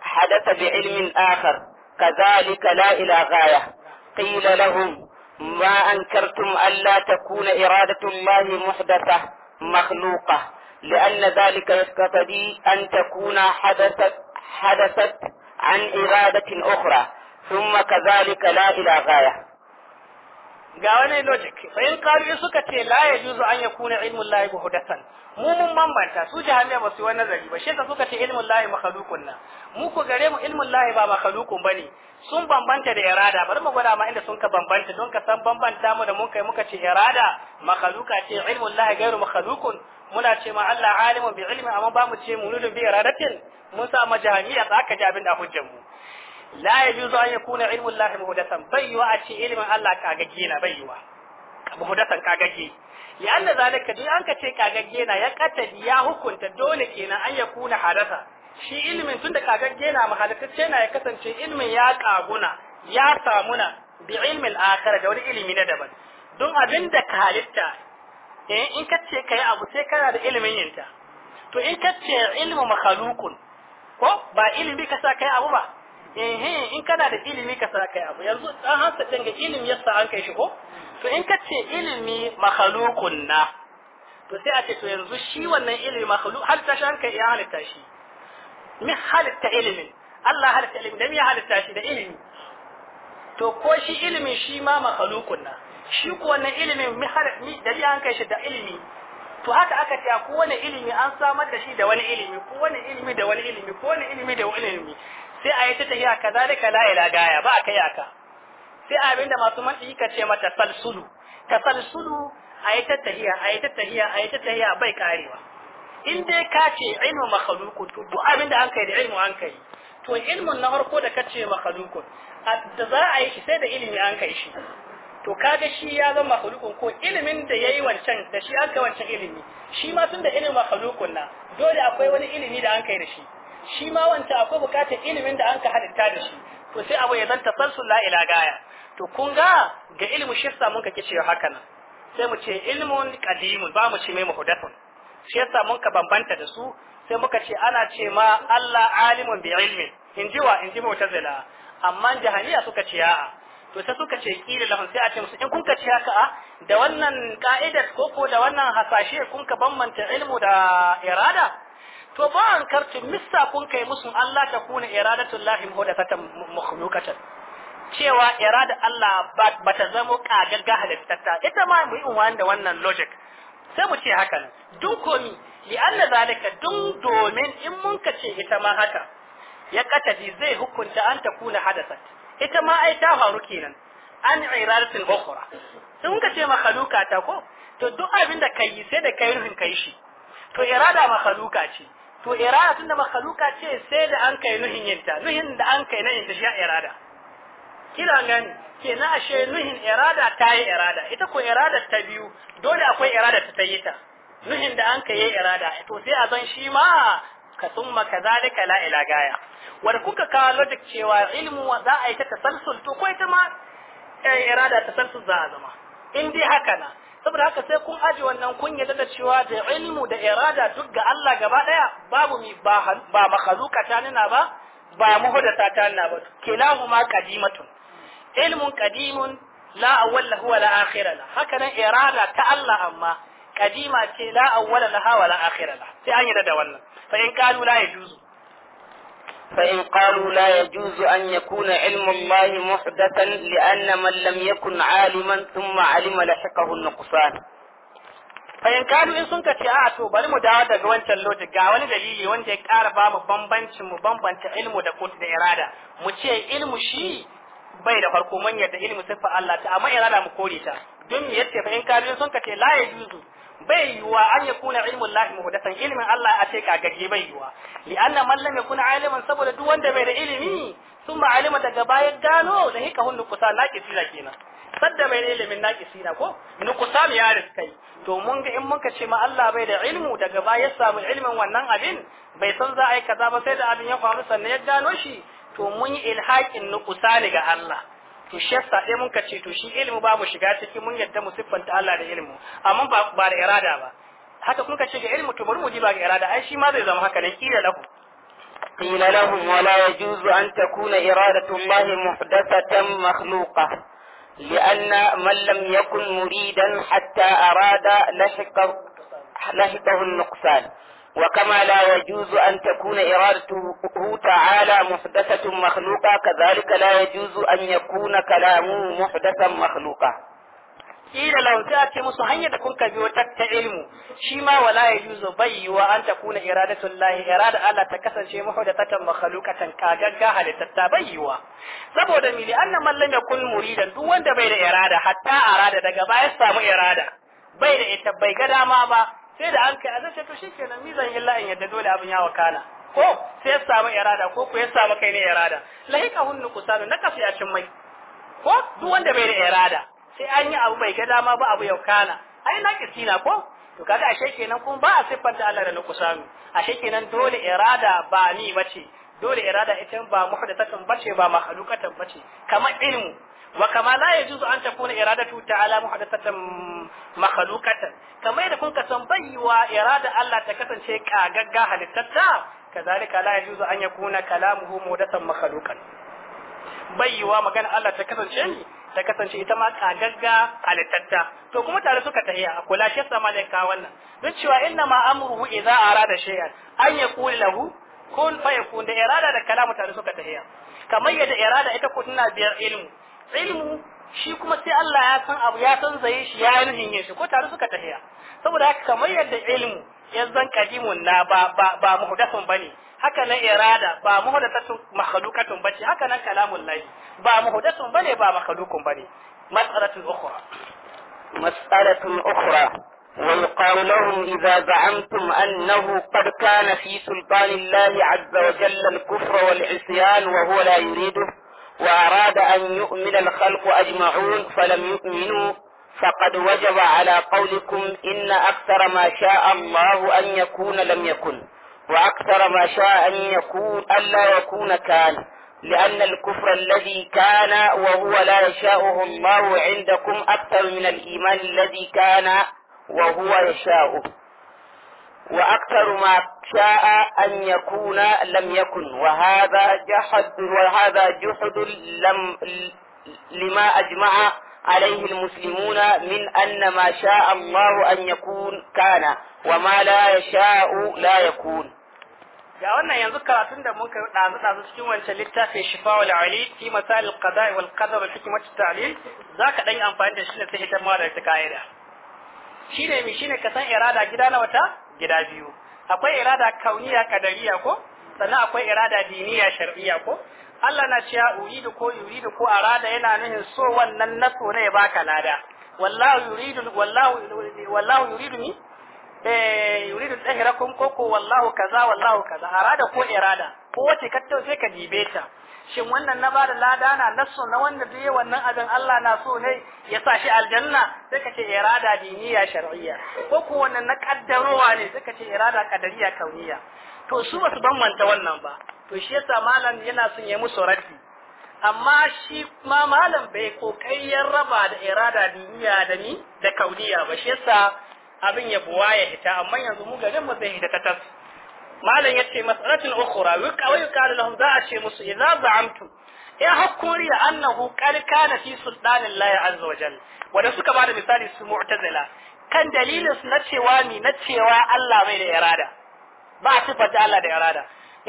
حدث بعلم آخر كذلك لا إلى غاية قيل لهم ما أنكرتم ألا تكون إرادة الله محدثة مخلوقة لأن ذلك يقتضي أن تكون حدثت حدثت عن إرادة أخرى thumma kadhalika la ila ghaya ga wani logic fa in kalu suka ce la yajuzu an yakuna ilmu llahi muhdathan mu mun bambanta su jahamiya ba su wani nazari ba shi suka ce ilmu llahi makhluqun na mu ko gare mu ilmu llahi ba makhluqun bane sun bambanta da irada bari mu gwada ma inda sun ka bambanta don ka san bambanta mu da mun kai muka ce irada makhluqa ce ilmu llahi gairu makhluqun muna ce ma Allah alimun bi ilmi amma ba mu ce mu nudun bi iradatin mun sa ma jahamiya ka ji abin da hujjar mu la yajuzu an yakuna ilmu Allah muhdathan bayyuwa a ce ilmin Allah kagagge na bayyuwa muhdathan kagagge li'anna zalika duk an ka ce kagagge na ya katadi ya hukunta dole kenan an kuna hadasa shi ilmin tunda kagagge na mahalatacce na ya kasance ilmin ya kaguna ya samuna bi ilmin akhir da wani ilimi na daban don abin da ka halitta in ka ce kai abu sai kana da ilimin yinta to in ka ce ilmu makhalukun ko ba ilimi ka sa kai abu ba eh in kana da ilimi ka sa kai abu yanzu dan hasa din ilimi yasa an kai shi ko to in ka ce ilimi makhluqun na to sai a ce to yanzu shi wannan ilimi makhluq har ta shan ya halitta shi mi halitta ilimi, Allah halitta ilimi da ya halitta shi da ilimi to ko shi ilimi shi ma makhluqun na shi ko wannan ilimi mi halitta mi da an kai shi da ilimi to haka aka ce ko wani ilimi an samar da shi da wani ilimi ko wani ilimi da wani ilimi ko wani ilimi da wani ilimi sai a yi ta tahiya kazalika la ila gaya ba a kai aka sai abinda masu mantiqi ka ce mata salsulu tasalsulu a yi ta tahiya a yi ta tahiya a yi ta tahiya bai karewa in dai ka ce ilmu makhluqun to duk abinda an kai da ilmu an kai to ilmun na farko da ka ce makhluqun da za a yi shi sai da ilimi an kai shi to kaga shi ya zama makhluqun ko ilimin da yayi wancan da shi aka wancan ilimi shi ma tun da ilimin makhluqun na dole akwai wani ilimi da an kai da shi shi ma wanta akwai bukatar ilimin da an ka halitta da shi to sai abu ya zanta tasalsul la ila gaya to kun ga ga ilimin shi yasa mun kake cewa haka nan sai mu ce ilmun qadimun ba mu ce mai muhdathun shi yasa mun ka bambanta da su sai muka ce ana ce ma Allah alimun bi ilmin Inji ji wa in ji mu'tazila amma jahaniya suka ce a'a to sai suka ce kila lahum sai a ce musu in kun ka ce haka a da wannan ka'idar ko ko da wannan hasashe kun ka bambanta ilmu da irada to ba an kartu missa kun kai musu Allah ta kuna iradatul lahi muhdathatan makhluqatan cewa irada Allah ba ta zama ga halittata ita ma mu yi unwan wannan logic sai mu ce hakan dun komi li anna zalika dun domin in mun ka ce ita ma haka ya katadi zai hukunta an ta kuna hadasat ita ma ai ta faru kenan an iradatul ukhra in ka ce makhluqa ko to duk abin da kai sai da kai ruhin kai shi to irada makhluqa ce to irada tunda makhluka ce sai da an kai nuhin yinta nuhin da an kai na yinta shi irada kila gani kenan ashe nuhin irada ta yi irada ita ko irada ta biyu dole akwai irada ta tayi ta nuhin da an kai irada to sai a zan shi ma ka summa kazalika la ila gaya wanda kuka kawo logic cewa ilmu za a yi ta tasalsul to ko ita ma eh, irada tasalsul za a zama in dai haka na saboda haka sai kun aje wannan kun yarda da cewa da ilmu da irada duk ga Allah gaba daya babu mi ba ba makhluqa ta nuna ba ba muhdatha ta nuna ba kilahuma qadimatun ilmun qadimun la awwala huwa la akhira la haka nan irada ta Allah amma qadima ce la awwala laha hawa la akhira la sai an yarda da wannan fa in qalu la yajuzu فإن قالوا لا يجوز أن يكون علم الله محدثا لأن من لم يكن عالما ثم علم لحقه النقصان fahim kanu in sun kace a to bari mu dawo daga wancan loti ga wani dalili wanda ya ƙara ba mu bambancin mu bambanta ilmu da da irada mu ce ilmu shi bai da farko mun da ilmu fa Allah ta amma irada mu kore ta don me yace fa in kanu in sun kace la yajuzu bai yiwuwa an ya kuna ilimin lahi muhdasan ilimin Allah a ce kagagge bai yiwuwa. li anna man lam yakun aliman saboda duk wanda bai da ilimi sun ba alima daga baya gano da hika hun nukusa naqisina kenan sadda bai da ilimin naqisina ko nukusa ya riskai to mun ga in muka ce ma Allah bai da ilmu daga baya samu ilimin wannan abin bai san za a yi kaza ba sai da abin ya faru sannan ya gano shi to mun yi ilhaqin nukusa ne ga Allah to shi yasa sai mun kace to shi ilimi babu shiga cikin mun yadda mu siffanta Allah da ilimi amma ba ba da irada ba haka kun kace ga ilimi to bari mu ji ba ga irada ai shi ma zai zama haka ne kila lahu قيل لهم ولا yajuz an takuna iradatu Allah muhdathatan makhluqa لأن من لم يكن مريدا حتى أراد لحقه, لحقه النقصان Wa kamala يجوز أن تكون إرادته تعالى محدثة مخلوقة كذلك لا يجوز أن يكون كلامه محدثا مخلوقا kila lahu sai a ce musu hanyar da kun ka biyo ta ta ilmu shi ma wala ya juzo bayyuwa an ta kuna iradatul lahi irada Allah ta kasance muhdathatan makhluqatan kagagga halittatta bayyuwa saboda mili annan man da yakun muridan duk wanda bai da irada hatta arada daga baya samu irada bai da ita bai ga dama ba sai da an kai azan ce to shikenan mi zan illa in yadda dole abin ya wakana ko sai ya samu irada ko ko ya samu kai ne irada lahika hunnu kusanu na kafi a cin mai ko duk wanda bai da irada sai an yi abu bai ga dama ba abu ya wakana ai na kisina ko to kaga ashe kenan kuma ba a siffanta Allah da A ashe kenan dole irada ba ni bace dole irada ita ba muhaddatan bace ba mahalukatan bace kamar ilmu wa kama la yajuzu an takuna iradatu ta'ala muhadathatan makhluqatan kamar da kun san baiwa irada Allah ta kasance kagagga halittatta kazalika la yajuzu an yakuna kalamuhu muhdathan makhluqan baiwa magana Allah ta kasance ni ta kasance ita ma kagagga halittatta to kuma tare suka tahiya a kula shi sama da ka wannan duk cewa inna ma amruhu idza arada shay'an an yaqul lahu kun fa yakun da irada da kalamu tare suka tahiya kamar yadda irada ita ko biyar ilmu ilmu shi kuma sai Allah ya san abu ya san zai shi ya yi yin shi ko tare suka tafiya saboda haka kamar yadda ilmu ya zan kadimun na ba ba ba muhdathun bane haka nan irada ba muhdathatu makhluqatun bace haka nan kalamul lahi ba muhdathun bane ba makhluqun bane mas'alatun ukhra mas'alatun ukhra wal idza za'amtum ولقولهم إذا زعمتم أنه قد azza wa jalla al-kufra wal 'isyan wa huwa la yuridu وأراد أن يؤمن الخلق أجمعون فلم يؤمنوا فقد وجب على قولكم إن أكثر ما شاء الله أن يكون لم يكن وأكثر ما شاء أن يكون ألا يكون كان لأن الكفر الذي كان وهو لا يشاؤه الله عندكم أكثر من الإيمان الذي كان وهو يشاؤه وأكثر ما شاء أن يكون لم يكن وهذا جحد وهذا جحد لم لما أجمع عليه المسلمون من أن ما شاء الله أن يكون كان وما لا يشاء لا يكون ga wannan yanzu karatun da muka ɗazu ɗazu cikin wancan littafin shifawul ali fi masalil qada'i wal qadar wal hikmat ta'lil zaka dan yi amfani da shi ne sai hitar ma da ta kaida shine mi shine ka san irada gida na wata gida biyu akwai irada kauniya kadariya ko sannan akwai irada diniya shar'iyya ko Allah na cewa uridu ko yuridu ko arada yana nuhin so wannan na so ne ya baka lada wallahu yuridu wallahu wallahu yuridu ni eh yuridu ko ko wallahu kaza wallahu kaza arada ko irada ko wace kattau sai ka dibe ta shin wannan na ba da lada na nasu na wanda da yi wannan abin Allah na so ne ya sa shi aljanna sai ka ce irada diniya shar'iyya ko ko wannan na kaddarowa ne sai ka ce irada kadariya kauniya to su ba su bambanta wannan ba to shi yasa malam yana son ya musu raddi amma shi ma malam bai kokari ya raba da irada diniya da ni da kauniya ba shi yasa abin ya buwa ya hita amma yanzu mu garin mu zai hita ta malam yace mas'alatul ukhra wa yuqalu lahum za a ce musu idza za'amtu ya hakkuri annahu qad kana fi sultanillahi azza wa jalla wanda suka bada misali su mu'tazila kan dalilin su na cewa ni na cewa Allah bai da irada ba a sifata Allah da irada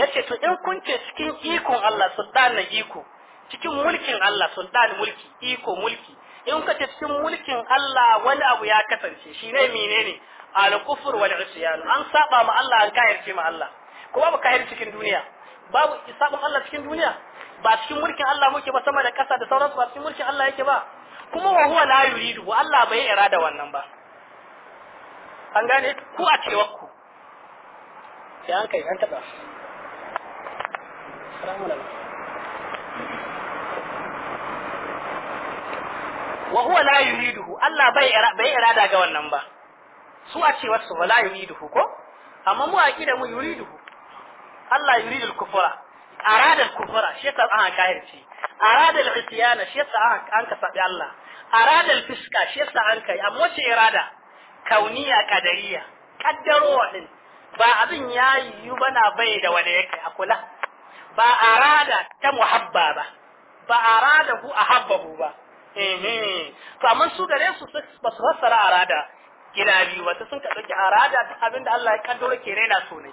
ce to in kun ce cikin ikon Allah sultan na iko cikin mulkin Allah sultan mulki iko mulki in ka cikin mulkin Allah wani abu ya kasance shi ne menene al-kufr wal isyan an saba ma Allah an kayarce ma Allah Ko babu kayar cikin duniya babu isabun Allah cikin duniya ba cikin mulkin Allah muke ba sama da kasa da sauransu ba cikin mulkin Allah yake ba kuma wa huwa la yuridu Allah bai irada wannan ba an gane ku a cewa ku sai an kai an taba assalamu alaikum wa huwa la yuriduhu Allah bai bai irada ga wannan ba su a ce wasu wa la yuriduhu ko amma mu a aqida mu yuriduhu Allah yuridul kufra arada al kufra shi yasa an kafirci arada al isyana shi yasa an ka sabi Allah arada al fiska shi yasa an kai amma wace irada kauniya kadariya kaddarowa din ba abin ya yiwu bana bai da wani yake a kula ba arada ta muhabba ba ba arada hu ahabbahu ba Eh, to amma su gare su ba su fassara arada Gida biyu ba sun ka ɗauki arada ta abin da Allah ya kaddara ke raina so ne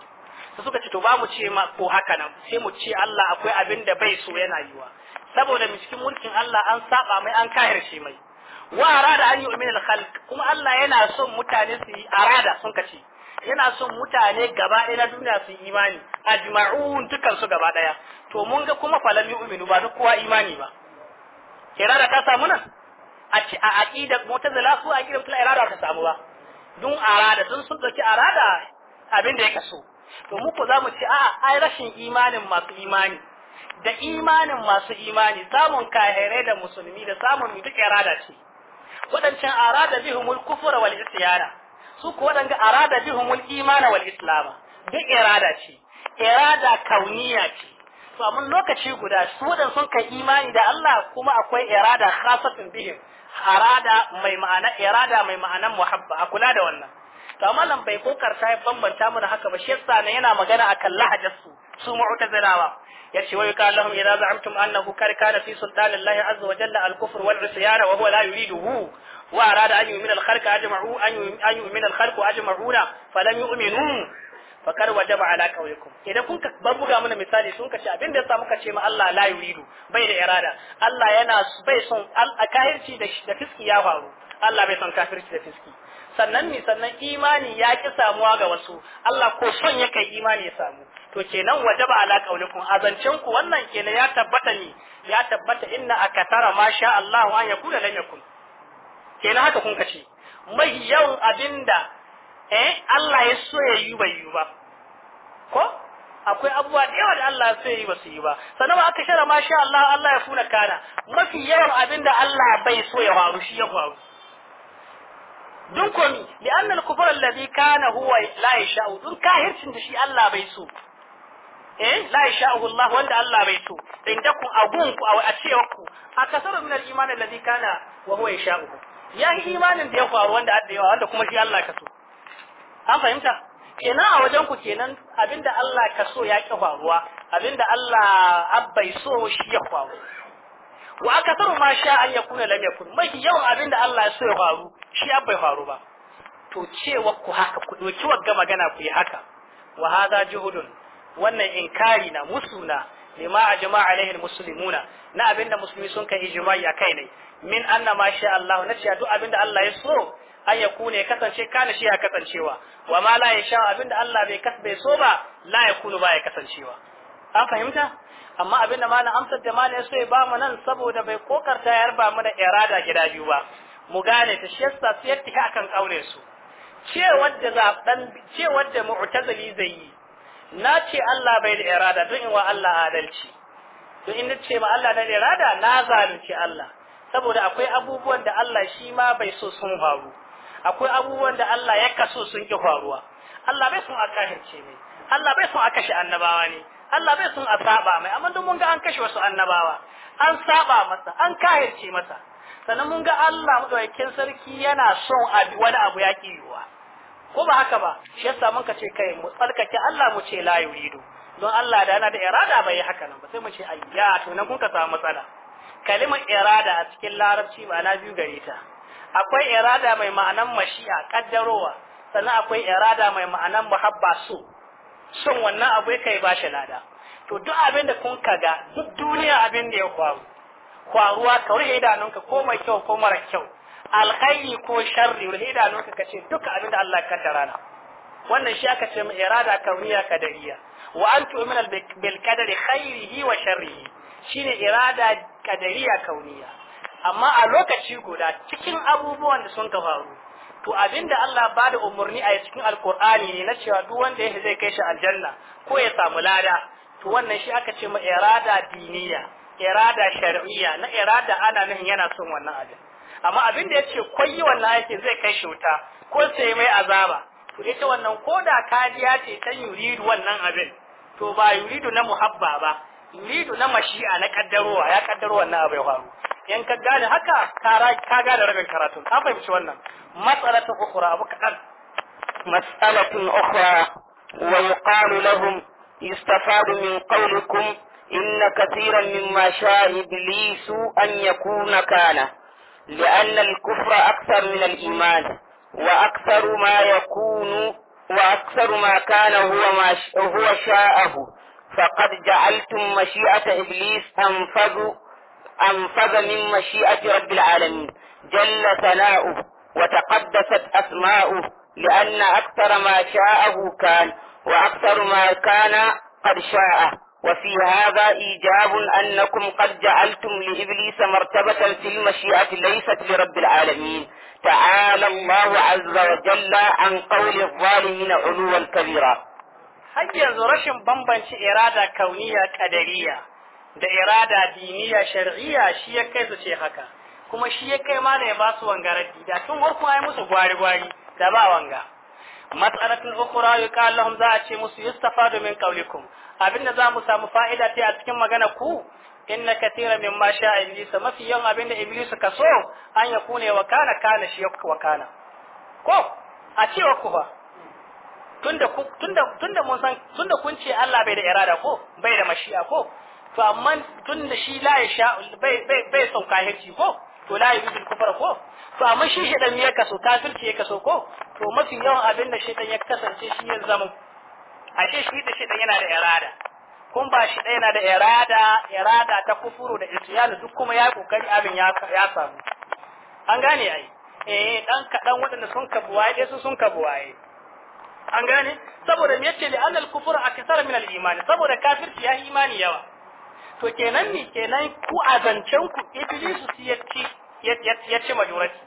su suka ce to ba mu ce ma ko haka nan sai mu ce Allah akwai abin da bai so yana yiwa saboda mu cikin mulkin Allah an saba mai an shi mai wa arada an yi umin al-khalq kuma Allah yana son mutane su yi arada sun kace yana son mutane gaba ɗaya na duniya su yi imani ajma'un dukan su gaba ɗaya to mun ga kuma falam yu'minu ba duk kowa imani ba irada ta samu nan a aqidar mu'tazila su a aqidar kula irada ta samu ba dun arada sun sun dauki arada abin da ya kaso to mu ko mu ce a'a ai rashin imanin masu imani da imanin masu imani samun kahirai da musulmi da samun mutu irada ce wadancan arada bihumul kufur wal isyana su ko wadanga arada bihumul imana wal islama duk irada ce irada kauniya ce to lokaci guda su wadan sun kai imani da Allah kuma akwai irada khasatun bihim arada mai ma'ana irada mai ma'anan muhabba a kula da wannan to amma bai kokarta ya bambanta mana haka ba shi yasa ne yana magana akan lahajar su su mu'tazilawa yace wa yuqal lahum idza za'amtum annahu karkana fi sultanillahi azza wa jalla al-kufr wal 'isyan wa huwa la yuriduhu وأراد أن يؤمن الخلق أجمعوا أن يؤمن الخلق أجمعون فلم يؤمنوا fakar wajaba ala kawaikum idan kun ka bar buga mana misali sun ka ce abin da yasa muka ce ma Allah la yuridu bai da irada Allah yana bai son kafirci da fiski ya faru Allah bai son kafirci da fiski sannan ni sannan imani ya ki samuwa ga wasu Allah ko son ya kai imani ya samu to kenan wajaba ala kawaikum azancin ku wannan kenan ya tabbata ni ya tabbata inna akatara ma sha Allah an yakuna lan yakun kenan haka kun ka ce mai yawan abinda eh Allah ya so ya yi bai yi ba ko akwai abubuwa da yawa da Allah ya so yi ba su yi ba sannan aka shara ma sha Allah Allah ya funa kana mafi yawan abin da Allah bai so ya faru shi ya faru dukkan komi li anna al kufra alladhi kana huwa la yasha'u dun kahircin da shi Allah bai so eh la yasha'u Allah wanda Allah bai so in da ku agun ku a cewa ku akasaru min al iman alladhi kana wa huwa yasha'u ya imanin da ya faru wanda Allah wanda kuma shi Allah ka so an fahimta kenan a wajen ku kenan abinda Allah ka so ya ki faruwa abinda Allah abbai so shi ya faru wa akasaru ma sha an yakuna lam yakun mai yawan abinda Allah ya so ya faru shi abbai faru ba to cewa ku haka ku doki wagga magana ku yi haka wa hada juhudun wannan inkari na musuna lima ajma alaihi almuslimuna na abinda musulmi sun kai ijma'i akai ne min anna ma sha Allah na ce duk abinda Allah ya so an ya kune kasance kana shi ya kasancewa wa ma la yasha abinda Allah bai kas so ba la ya kunu ba ya kasancewa an fahimta amma abinda malam amsar da malam so ya ba mu nan saboda bai kokarta ya yarba mana irada gida biyu ba mu gane ta shi yasa su yatti akan kaure su cewar da zaben cewar da mu'tazili zai yi na ce Allah bai da irada don in wa Allah adalci to in ce ma Allah da irada na zalunci Allah saboda akwai abubuwan da Allah shi ma bai so sun faru akwai abubuwan da Allah ya kaso sun ki faruwa Allah bai son a kahirce mai Allah bai son a kashe annabawa ne Allah bai son a saba mai amma duk mun ga an kashe wasu annabawa an saba masa an kahirce masa sannan mun ga Allah madaukakin sarki yana son wani abu ya kiyuwa ko ba haka ba shi yasa mun ka ce kai mu tsarkake Allah mu ce la yuridu don Allah da yana da irada bai haka nan ba sai mu ce ayya to nan kun ka samu matsala kalimar irada a cikin larabci ba na biyu gare ta akwai irada mai ma'anan mashi'a kaddarowa sannan akwai irada mai ma'anan muhabba so son wannan abu kai ba shi lada to duk abin da kun kaga duk duniya abin da ya kwaru kwaruwa ka rufe idanunka ko mai kyau ko mara kyau alkhairi ko sharri rufe idanunka ka ce duk abin da Allah kaddara na wannan shi aka ce mai irada kauniya kadariya wa an tu'mina bil qadari khairihi wa sharrihi shine irada kadariya kauniya amma a lokaci guda cikin abubuwan da sun ka faru to abinda Allah ba da umarni a cikin alkur'ani ne na cewa duk wanda ya zai kai shi aljanna ko ya samu lada to wannan shi aka ce ma irada diniya irada shar'iyya na irada ana nan yana son wannan abin amma abinda ya ce koyi wannan aiki zai kai shi wuta ko sai mai azaba to ita wannan koda kadiya ce ta yuridu wannan abin to ba yuridu na muhabba ba yuridu na mashi'a na kaddarowa ya kaddaro wannan abin faru in ka gane haka ka gane rabin karatu ka fahimci wannan matsalatu ukhra abu kadan mas'alatu ukhra wa yuqalu lahum yustafadu min qawlikum inna kathiran mimma sha'a iblisu an yakuna kana لأن الكفر أكثر من الإيمان وأكثر ما يكون وأكثر ما كان هو ما هو شاءه فقد جعلتم مشيئة إبليس تنفذ أنفذ من مشيئة رب العالمين جل ثناؤه وتقدست أسماؤه لأن أكثر ما شاءه كان وأكثر ما كان قد شاءه وفي هذا إيجاب أنكم قد جعلتم لإبليس مرتبة في المشيئة ليست لرب العالمين تعالى الله عز وجل عن قول الظالمين علوا كبيرا هل يزرشن بمبنش إرادة كونية قدرية da irada diniya shar'iyya shi ya kai su ce haka kuma shi ya kai ma da ya ba su wanga raddi da tun warku ai musu gwari gwari da ba wanga mas'alatul ukhra yuqal lahum za a ce musu yustafadu min qawlikum abinda za mu samu fa'ida ta a cikin magana ku inna katira min ma sha iblis mafi yawan abinda iblis ka so an ya kune wa kana kana shi wa kana ko a ku ba tunda kun ce Allah bai da irada ko bai da mashi'a ko to amma tun da shi la ya sha bai bai bai son kahirci ko to la ya bidul kufar ko to amma shi shedan ya kaso kafirci ya kaso ko to mafi yawan abin da shedan ya kasance shi ya zama ashe shi da shedan yana da irada kun ba shi yana da irada irada ta kufuru da isyani duk kuma ya kokari abin ya ya samu an gane ai eh dan kadan waɗanda sun kabu waye su sun kabu waye an gane saboda me yace li annal kufur akthar min al iman saboda kafirci ya imani yawa to kenan ni kenan ku a zancen ku iblisu su ya ci majorati?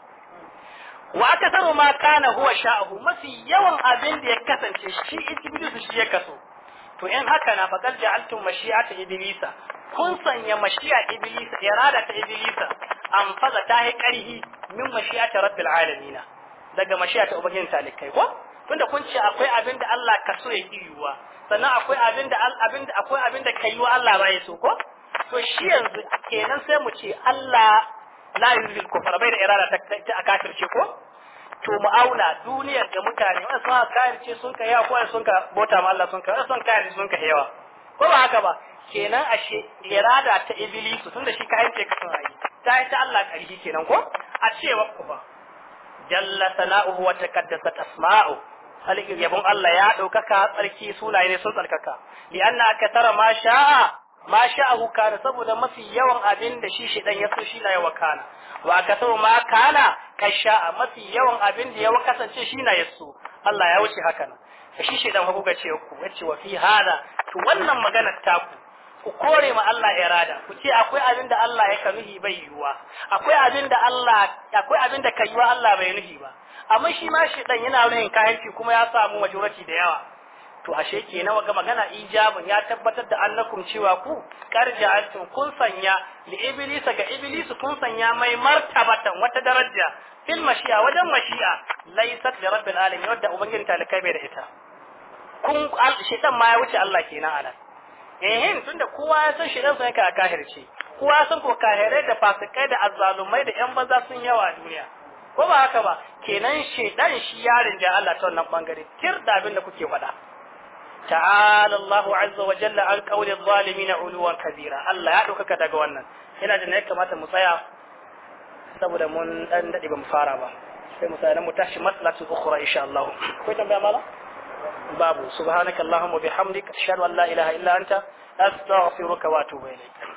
wa aka samu ma kana huwa sha'ahu mafi yawan abin da ya kasance shi iblisu shi ya kaso to in haka na faqad ja'altum mashi'ata iblisa kun sanya mashi'a iblisa irada ta iblisa an faza ta hi karhi min mashi'ata rabbil alamin daga mashi'ata ubangin talikai ko tunda kun ce akwai abin da Allah kaso ya kiyuwa sannan akwai abin da abin akwai abin da kai wa Allah ba ya so ko to shi yanzu kenan sai mu ce Allah la yuzil kufar bai da irada ta a akafirce ko to mu auna duniyar da mutane wanda sun ce sun kai yawa ko sun ka bota ma Allah sun kai sun yi sun kai yawa ko ba haka ba kenan ashe irada ta ibilisu tunda shi kafirce ka sun yi ta ta Allah karhi kenan ko a cewa ba. jalla sana'uhu wa taqaddasat asma'u tsarki yabon Allah ya ɗaukaka tsarki sunaye ne sun tsarkaka li'anna aka tara ma sha'a ma sha'a hukana saboda mafi yawan abin da shi ɗan ya so shi na yawa kana wa aka tara ma kana ka sha'a mafi yawan abin da ya kasance shi na yaso Allah ya wuce haka nan shi ɗan hagu ga ce ku yace wa fi hada to wannan maganar taku ku kore ma Allah irada ku ce akwai abin da Allah ya kanuhi bai yiwa akwai abin da Allah akwai abin da kaiwa Allah bai nuhi ba amma shi ma shi dan yana rayin kahirci kuma ya samu majority da yawa to ashe kenan waga magana ijabun ya tabbatar da annakum cewa ku antum kun sanya li iblis ga iblis kun sanya mai martabatan wata daraja fil mashi'a wajen mashi'a laysat li rabbil alamin yadda ubangin talakai bai da ita kun shedan ma ya wuce Allah kenan anan eh tunda kowa ya san shedan sai ka kahirce kowa san ko kahirai da fasikai da azzalumai da yan banza sun yawa a duniya ko ba haka ba kenan shedan shi yarin da Allah ta wannan bangare tir da abin da kuke faɗa ta'ala Allah azza wa jalla an qawli zalimin uluwan kabira Allah ya dauka daga wannan ina da ne kamata mu tsaya saboda mun dan dade ba mu fara ba sai mu tsaya mu tashi maslatu ukhra insha Allah akwai tambaya mala babu subhanakallahumma bihamdika ashhadu an la ilaha illa anta astaghfiruka wa atubu ilayk